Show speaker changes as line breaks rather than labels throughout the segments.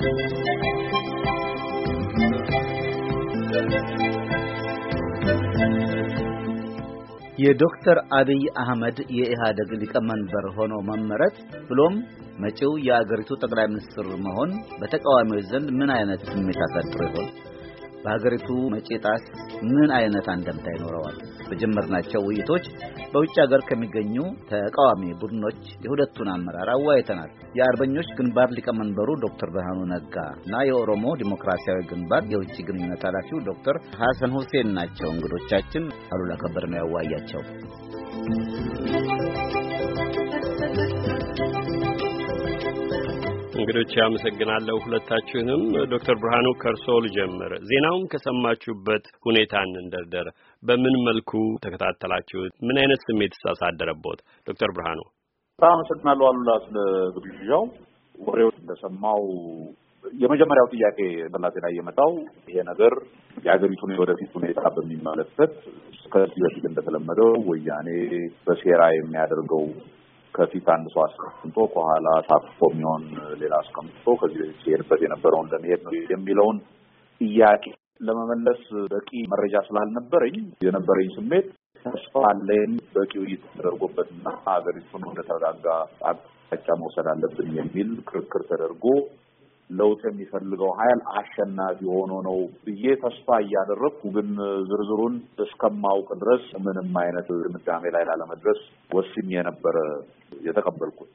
የዶክተር አብይ አህመድ የኢህአደግ ሊቀመንበር ሆኖ መመረጥ ብሎም መጪው የአገሪቱ ጠቅላይ ሚኒስትር መሆን በተቃዋሚዎች ዘንድ ምን አይነት ስሜት አሳድሮ ይሆን? በሀገሪቱ መጪ ጣስ ምን አይነት አንደምታ ይኖረዋል? በጀመርናቸው ውይይቶች በውጭ ሀገር ከሚገኙ ተቃዋሚ ቡድኖች የሁለቱን አመራር አወያይተናል። የአርበኞች ግንባር ሊቀመንበሩ ዶክተር ብርሃኑ ነጋ እና የኦሮሞ ዲሞክራሲያዊ ግንባር የውጭ ግንኙነት ኃላፊው ዶክተር ሐሰን ሁሴን ናቸው እንግዶቻችን። አሉላ ከበደ ነው ያወያያቸው።
እንግዶች አመሰግናለሁ ሁለታችሁንም። ዶክተር ብርሃኑ ከርሶ ልጀምር። ዜናውን ከሰማችሁበት ሁኔታ እንደርደር። በምን መልኩ ተከታተላችሁት? ምን አይነት ስሜት አሳደረቦት? ዶክተር ብርሃኑ
በጣም አመሰግናለሁ አሉላ ስለ ግብዣው። ወሬው እንደሰማው የመጀመሪያው ጥያቄ በላቴ ላይ የመጣው ይሄ ነገር የሀገሪቱን የወደፊት ሁኔታ በሚመለከት ከዚህ በፊት እንደተለመደው ወያኔ በሴራ የሚያደርገው ከፊት አንድ ሰው አስቀምጦ ከኋላ ታቅፎ የሚሆን ሌላ አስቀምጦ ከዚህ በፊት ሲሄድበት የነበረውን ለመሄድ ነው የሚለውን ጥያቄ ለመመለስ በቂ መረጃ ስላልነበረኝ የነበረኝ ስሜት ተስፋ አለኝ በቂ ውይይት ተደርጎበትና ሀገሪቱን ወደ ተረጋጋ አቅጣጫ መውሰድ አለብን የሚል ክርክር ተደርጎ ለውጥ የሚፈልገው ኃይል አሸናፊ ሆኖ ነው ብዬ ተስፋ እያደረግኩ ግን ዝርዝሩን እስከማውቅ ድረስ ምንም አይነት ድምዳሜ ላይ ላለመድረስ ወስኝ የነበረ የተቀበልኩት።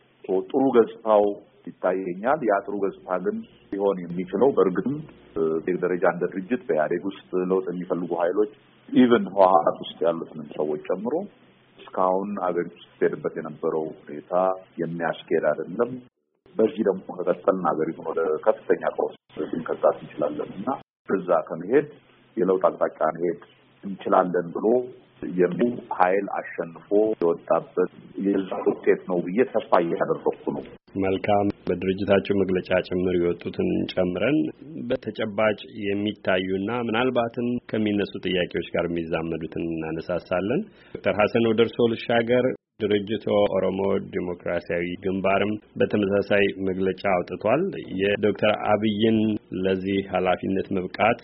ጥሩ ገጽታው ይታየኛል። ያ ጥሩ ገጽታ ግን ሊሆን የሚችለው በእርግጥም ዜግ ደረጃ እንደ ድርጅት በኢህአዴግ ውስጥ ለውጥ የሚፈልጉ ኃይሎች ኢቨን ህወሀት ውስጥ ያሉትንም ሰዎች ጨምሮ እስካሁን አገሪቱ ስትሄድበት የነበረው ሁኔታ የሚያስኬድ አይደለም። በዚህ ደግሞ ከቀጠልን ሀገሪቱን ወደ ከፍተኛ ቀውስ ልንከታት እንችላለን እና እዛ ከመሄድ የለውጥ አቅጣጫ መሄድ እንችላለን ብሎ የሚ ሀይል አሸንፎ የወጣበት የዛ
ውጤት ነው ብዬ ተስፋ እያደረኩ ነው። መልካም። በድርጅታቸው መግለጫ ጭምር የወጡትን ጨምረን በተጨባጭ የሚታዩና ምናልባትም ከሚነሱ ጥያቄዎች ጋር የሚዛመዱትን እናነሳሳለን። ዶክተር ሀሰን ወደ እርስዎ ልሻገር። ድርጅቱ ኦሮሞ ዴሞክራሲያዊ ግንባርም በተመሳሳይ መግለጫ አውጥቷል። የዶክተር አብይን ለዚህ ኃላፊነት መብቃት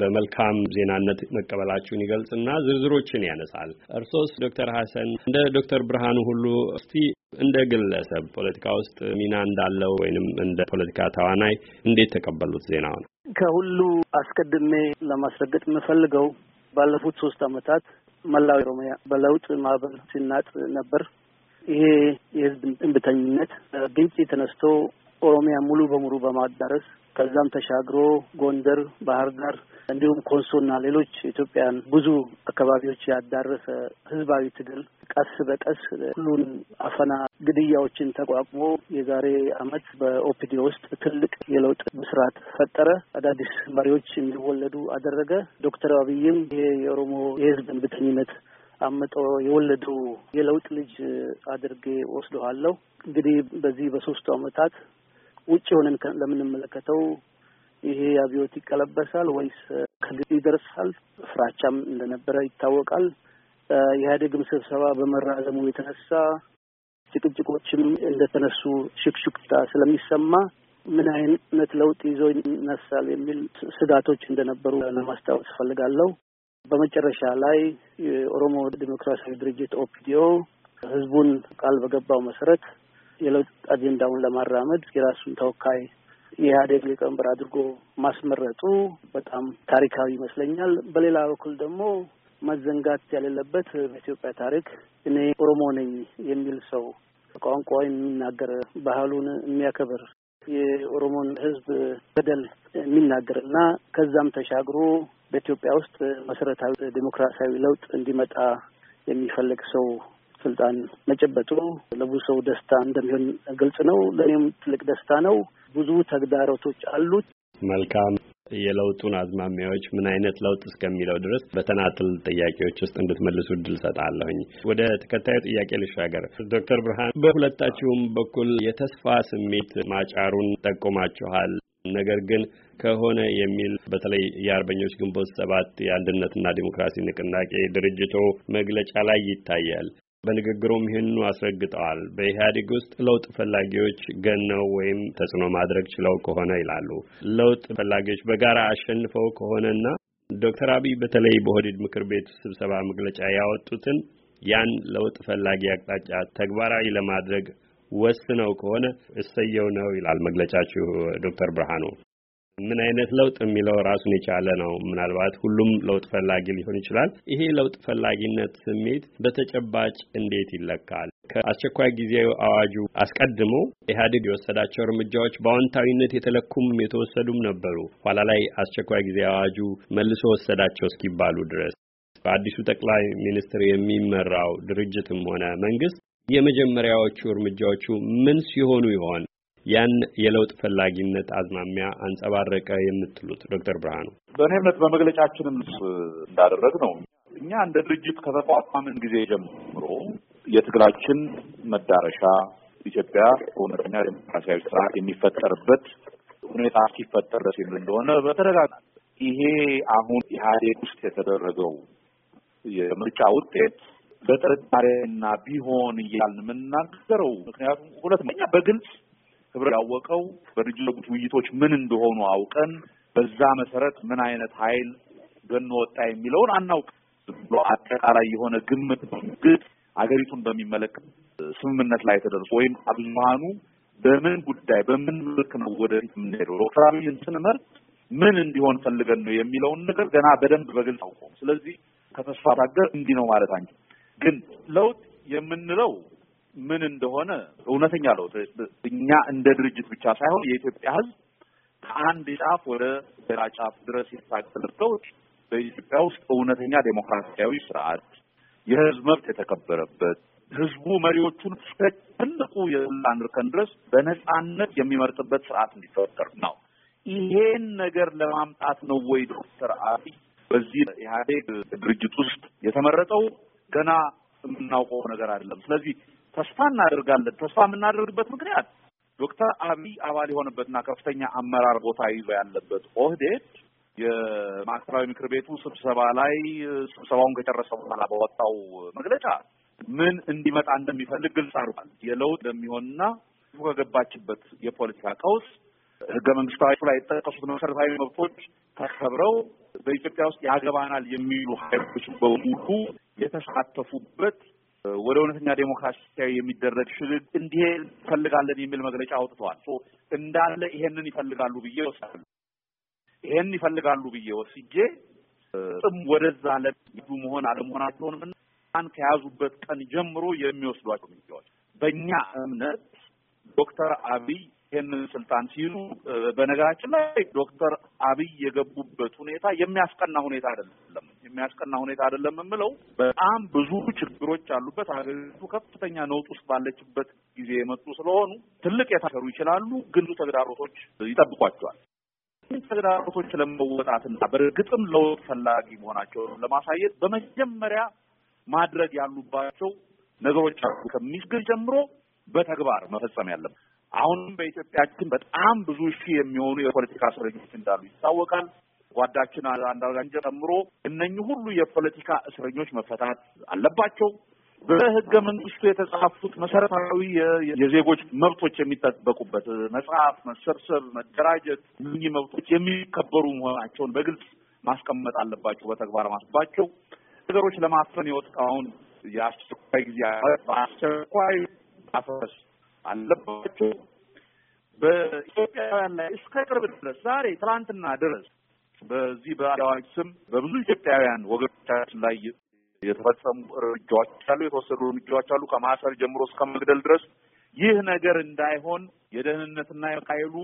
በመልካም ዜናነት መቀበላችሁን ይገልጽና ዝርዝሮችን ያነሳል። እርሶስ ዶክተር ሀሰን እንደ ዶክተር ብርሃኑ ሁሉ እስቲ እንደ ግለሰብ ፖለቲካ ውስጥ ሚና እንዳለው ወይንም እንደ ፖለቲካ ተዋናይ እንዴት ተቀበሉት ዜናው ነው።
ከሁሉ አስቀድሜ ለማስረገጥ የምፈልገው ባለፉት ሶስት ዓመታት መላው ኦሮሚያ በለውጥ ማዕበል ሲናጥ ነበር። ይሄ የህዝብ እንብተኝነት ግንጭ ተነስቶ ኦሮሚያ ሙሉ በሙሉ በማዳረስ ከዛም ተሻግሮ ጎንደር፣ ባህር ዳር እንዲሁም ኮንሶና ሌሎች ኢትዮጵያን ብዙ አካባቢዎች ያዳረሰ ህዝባዊ ትግል ቀስ በቀስ ሁሉን አፈና፣ ግድያዎችን ተቋቁሞ የዛሬ አመት በኦፒዲ ውስጥ ትልቅ የለውጥ ብስራት ፈጠረ። አዳዲስ መሪዎች እንዲወለዱ አደረገ። ዶክተር አብይም ይሄ የኦሮሞ የህዝብ እምቢተኝነት አምጦ የወለዱ የለውጥ ልጅ አድርጌ ወስደዋለሁ። እንግዲህ በዚህ በሶስቱ አመታት ውጭ ሆነን ለምንመለከተው ይሄ አብዮት ይቀለበሳል ወይስ ከግብ ይደርሳል? ፍራቻም እንደነበረ ይታወቃል። የኢህአዴግም ስብሰባ በመራዘሙ የተነሳ ጭቅጭቆችም እንደተነሱ ሽክሽክታ ስለሚሰማ ምን አይነት ለውጥ ይዞ ይነሳል የሚል ስጋቶች እንደነበሩ ለማስታወስ እፈልጋለሁ። በመጨረሻ ላይ የኦሮሞ ዴሞክራሲያዊ ድርጅት ኦፒዲኦ ህዝቡን ቃል በገባው መሰረት የለውጥ አጀንዳውን ለማራመድ የራሱን ተወካይ የኢህአዴግ ሊቀመንበር አድርጎ ማስመረጡ በጣም ታሪካዊ ይመስለኛል። በሌላ በኩል ደግሞ መዘንጋት የሌለበት በኢትዮጵያ ታሪክ እኔ ኦሮሞ ነኝ የሚል ሰው ቋንቋ የሚናገር ባህሉን የሚያከብር የኦሮሞን ሕዝብ በደል የሚናገር እና ከዛም ተሻግሮ በኢትዮጵያ ውስጥ መሰረታዊ ዴሞክራሲያዊ ለውጥ እንዲመጣ የሚፈልግ ሰው ስልጣን መጨበጡ ለብዙ ሰው ደስታ እንደሚሆን ግልጽ ነው። ለእኔም ትልቅ ደስታ ነው። ብዙ ተግዳሮቶች አሉት።
መልካም የለውጡን አዝማሚያዎች ምን አይነት ለውጥ እስከሚለው ድረስ በተናጥል ጥያቄዎች ውስጥ እንድትመልሱ እድል ሰጣለሁኝ። ወደ ተከታዩ ጥያቄ ልሻገር። ዶክተር ብርሃን በሁለታችሁም በኩል የተስፋ ስሜት ማጫሩን ጠቁማችኋል። ነገር ግን ከሆነ የሚል በተለይ የአርበኞች ግንቦት ሰባት የአንድነትና ዲሞክራሲ ንቅናቄ ድርጅቶ መግለጫ ላይ ይታያል። በንግግሩም ይህንኑ አስረግጠዋል። በኢህአዴግ ውስጥ ለውጥ ፈላጊዎች ገነው ወይም ተጽዕኖ ማድረግ ችለው ከሆነ ይላሉ። ለውጥ ፈላጊዎች በጋራ አሸንፈው ከሆነና ዶክተር አብይ በተለይ በኦህዴድ ምክር ቤት ስብሰባ መግለጫ ያወጡትን ያን ለውጥ ፈላጊ አቅጣጫ ተግባራዊ ለማድረግ ወስነው ከሆነ እሰየው ነው ይላል መግለጫችሁ ዶክተር ብርሃኑ። ምን አይነት ለውጥ የሚለው ራሱን የቻለ ነው። ምናልባት ሁሉም ለውጥ ፈላጊ ሊሆን ይችላል። ይሄ ለውጥ ፈላጊነት ስሜት በተጨባጭ እንዴት ይለካል? ከአስቸኳይ ጊዜ አዋጁ አስቀድሞ ኢህአዴግ የወሰዳቸው እርምጃዎች በአዎንታዊነት የተለኩም የተወሰዱም ነበሩ። ኋላ ላይ አስቸኳይ ጊዜ አዋጁ መልሶ ወሰዳቸው እስኪባሉ ድረስ በአዲሱ ጠቅላይ ሚኒስትር የሚመራው ድርጅትም ሆነ መንግስት የመጀመሪያዎቹ እርምጃዎቹ ምን ሲሆኑ ይሆን? ያን የለውጥ ፈላጊነት አዝማሚያ አንጸባረቀ የምትሉት ዶክተር ብርሃኑ?
በእኔ እምነት በመግለጫችንም እንዳደረግ ነው እኛ እንደ ድርጅት ከተቋቋምን ጊዜ ጀምሮ
የትግላችን መዳረሻ
ኢትዮጵያ እውነተኛ ዴሞክራሲያዊ ስርዓት የሚፈጠርበት ሁኔታ ሲፈጠር ደስ የሚል እንደሆነ በተደጋጋሚ ይሄ አሁን ኢህአዴግ ውስጥ የተደረገው የምርጫ ውጤት በጥርጣሬና ቢሆን እያልን የምናገረው ምክንያቱም ሁለት በግልጽ ህብረ ያወቀው በድርጅት ውይይቶች ምን እንደሆኑ አውቀን በዛ መሰረት ምን አይነት ኃይል ወጣ የሚለውን አናውቅ ብሎ አጠቃላይ የሆነ ግምት ግን አገሪቱን በሚመለከት ስምምነት ላይ ተደርሶ ወይም አብዙሃኑ በምን ጉዳይ በምን ምልክ ነው ወደፊት የምንሄደው ዶክተር አብይን ስንመርጥ ምን እንዲሆን ፈልገን ነው የሚለውን ነገር ገና በደንብ በግልጽ አውቆም። ስለዚህ ከተስፋ ባገር እንዲህ ነው ማለት አንቺ ግን ለውጥ የምንለው ምን እንደሆነ እውነተኛ ለውጥ እኛ እንደ ድርጅት ብቻ ሳይሆን የኢትዮጵያ ሕዝብ ከአንድ ጫፍ ወደ ሌላ ጫፍ ድረስ የታገለ በኢትዮጵያ ውስጥ እውነተኛ ዴሞክራሲያዊ ስርዓት፣ የህዝብ መብት የተከበረበት ህዝቡ መሪዎቹን እስከ ትልቁ የስልጣን እርከን ድረስ በነጻነት የሚመርጥበት ስርዓት እንዲፈጠር ነው። ይሄን ነገር ለማምጣት ነው ወይ ዶክተር አብይ በዚህ ኢህአዴግ ድርጅት ውስጥ የተመረጠው? ገና የምናውቀው ነገር አይደለም። ስለዚህ ተስፋ እናደርጋለን። ተስፋ የምናደርግበት ምክንያት ዶክተር አብይ አባል የሆነበትና ከፍተኛ አመራር ቦታ ይዞ ያለበት ኦህዴድ የማዕከላዊ ምክር ቤቱ ስብሰባ ላይ ስብሰባውን ከጨረሰ በኋላ በወጣው መግለጫ ምን እንዲመጣ እንደሚፈልግ ግልጽ አድርጓል። የለውጥ እንደሚሆንና ከገባችበት የፖለቲካ ቀውስ ህገ መንግስታዊ ላይ የተጠቀሱት መሰረታዊ መብቶች ተከብረው በኢትዮጵያ ውስጥ ያገባናል የሚሉ ሀይሎች በሙሉ የተሳተፉበት ወደ እውነተኛ ዴሞክራሲያዊ የሚደረግ ሽግግ እንዲህ ይፈልጋለን የሚል መግለጫ አውጥተዋል። እንዳለ ይሄንን ይፈልጋሉ ብዬ ወስዳለሁ። ይሄንን ይፈልጋሉ ብዬ ወስጄ ጥም ወደዛ ለሚዱ መሆን አለመሆናቸውን ን ከያዙበት ቀን ጀምሮ የሚወስዷቸው እርምጃዎች በእኛ እምነት ዶክተር አብይ ይህንን ስልጣን ሲይዙ በነገራችን ላይ ዶክተር አብይ የገቡበት ሁኔታ የሚያስቀና ሁኔታ አይደለም። የሚያስቀና ሁኔታ አይደለም የምለው በጣም ብዙ ችግሮች አሉበት ሀገሪቱ ከፍተኛ ነውጥ ውስጥ ባለችበት ጊዜ የመጡ ስለሆኑ ትልቅ የታሰሩ ይችላሉ፣ ግን ተግዳሮቶች ይጠብቋቸዋል። ተግዳሮቶች ለመወጣትና በእርግጥም ለውጥ ፈላጊ መሆናቸው ለማሳየት በመጀመሪያ ማድረግ ያሉባቸው ነገሮች አሉ። ከሚስግር ጀምሮ በተግባር መፈጸም ያለበት አሁንም በኢትዮጵያችን በጣም ብዙ ሺህ የሚሆኑ የፖለቲካ እስረኞች እንዳሉ ይታወቃል። ጓዳችን አንዳርጋቸውን ጨምሮ እነኚህ ሁሉ የፖለቲካ እስረኞች መፈታት አለባቸው። በህገ መንግስቱ የተጻፉት መሰረታዊ የዜጎች መብቶች የሚጠበቁበት መጽሐፍ፣ መሰብሰብ፣ መደራጀት ምኝ መብቶች የሚከበሩ መሆናቸውን በግልጽ ማስቀመጥ አለባቸው። በተግባር ማስባቸው ነገሮች ለማፈን የወጣውን የአስቸኳይ ጊዜ በአስቸኳይ ማፍረስ አለባቸው። በኢትዮጵያውያን ላይ እስከ ቅርብ ድረስ ዛሬ ትላንትና ድረስ በዚህ በአድዋዎች ስም በብዙ ኢትዮጵያውያን ወገኖቻችን ላይ የተፈጸሙ እርምጃዎች አሉ፣ የተወሰዱ እርምጃዎች አሉ፣ ከማሰር ጀምሮ እስከ መግደል ድረስ። ይህ ነገር እንዳይሆን የደህንነትና የካይሉ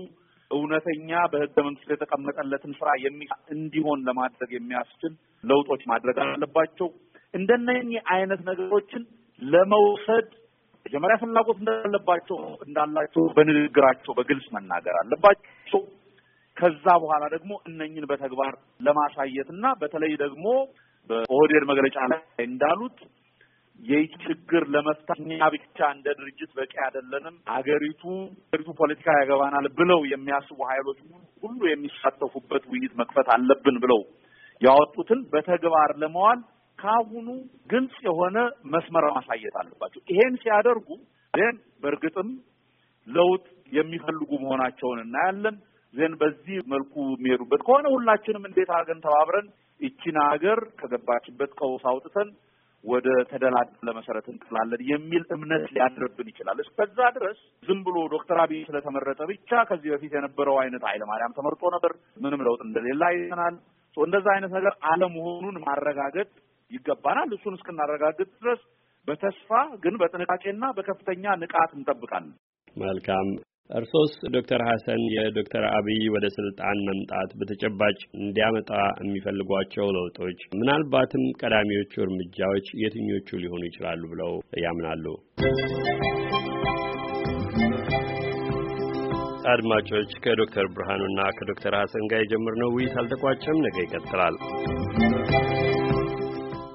እውነተኛ በህገ መንግስት የተቀመጠለትን ስራ የሚ እንዲሆን ለማድረግ የሚያስችል ለውጦች ማድረግ አለባቸው። እንደነኚህ አይነት ነገሮችን ለመውሰድ መጀመሪያ ፍላጎት እንዳለባቸው እንዳላቸው በንግግራቸው በግልጽ መናገር አለባቸው። ከዛ በኋላ ደግሞ እነኝን በተግባር ለማሳየት እና በተለይ ደግሞ በኦህዴድ መግለጫ ላይ እንዳሉት ይህ ችግር ለመፍታት እኛ ብቻ እንደ ድርጅት በቂ አይደለንም፣ አገሪቱ አገሪቱ ፖለቲካ ያገባናል ብለው የሚያስቡ ኃይሎች ሁሉ የሚሳተፉበት ውይይት መክፈት አለብን ብለው ያወጡትን በተግባር ለመዋል ከአሁኑ ግልጽ የሆነ መስመር ማሳየት አለባቸው። ይሄን ሲያደርጉ ዜን በእርግጥም ለውጥ የሚፈልጉ መሆናቸውን እናያለን። ዜን በዚህ መልኩ የሚሄዱበት ከሆነ ሁላችንም እንዴት አድርገን ተባብረን ይቺን ሀገር ከገባችበት ቀውስ አውጥተን ወደ ተደላደለ መሰረት እንጥላለን የሚል እምነት ሊያድርብን ይችላል። እስከዛ ድረስ ዝም ብሎ ዶክተር አብይ ስለተመረጠ ብቻ ከዚህ በፊት የነበረው አይነት ማርያም ተመርጦ ነበር፣ ምንም ለውጥ እንደሌለ አይተናል። እንደዛ አይነት ነገር አለመሆኑን ማረጋገጥ ይገባናል። እሱን እስክናረጋግጥ ድረስ በተስፋ ግን በጥንቃቄና በከፍተኛ ንቃት እንጠብቃለን።
መልካም። እርሶስ ዶክተር ሀሰን የዶክተር አብይ ወደ ስልጣን መምጣት በተጨባጭ እንዲያመጣ የሚፈልጓቸው ለውጦች ምናልባትም ቀዳሚዎቹ እርምጃዎች የትኞቹ ሊሆኑ ይችላሉ ብለው ያምናሉ? አድማጮች ከዶክተር ብርሃኑና ከዶክተር ሀሰን ጋር የጀመርነው ውይይት አልተቋጨም። ነገ
ይቀጥላል።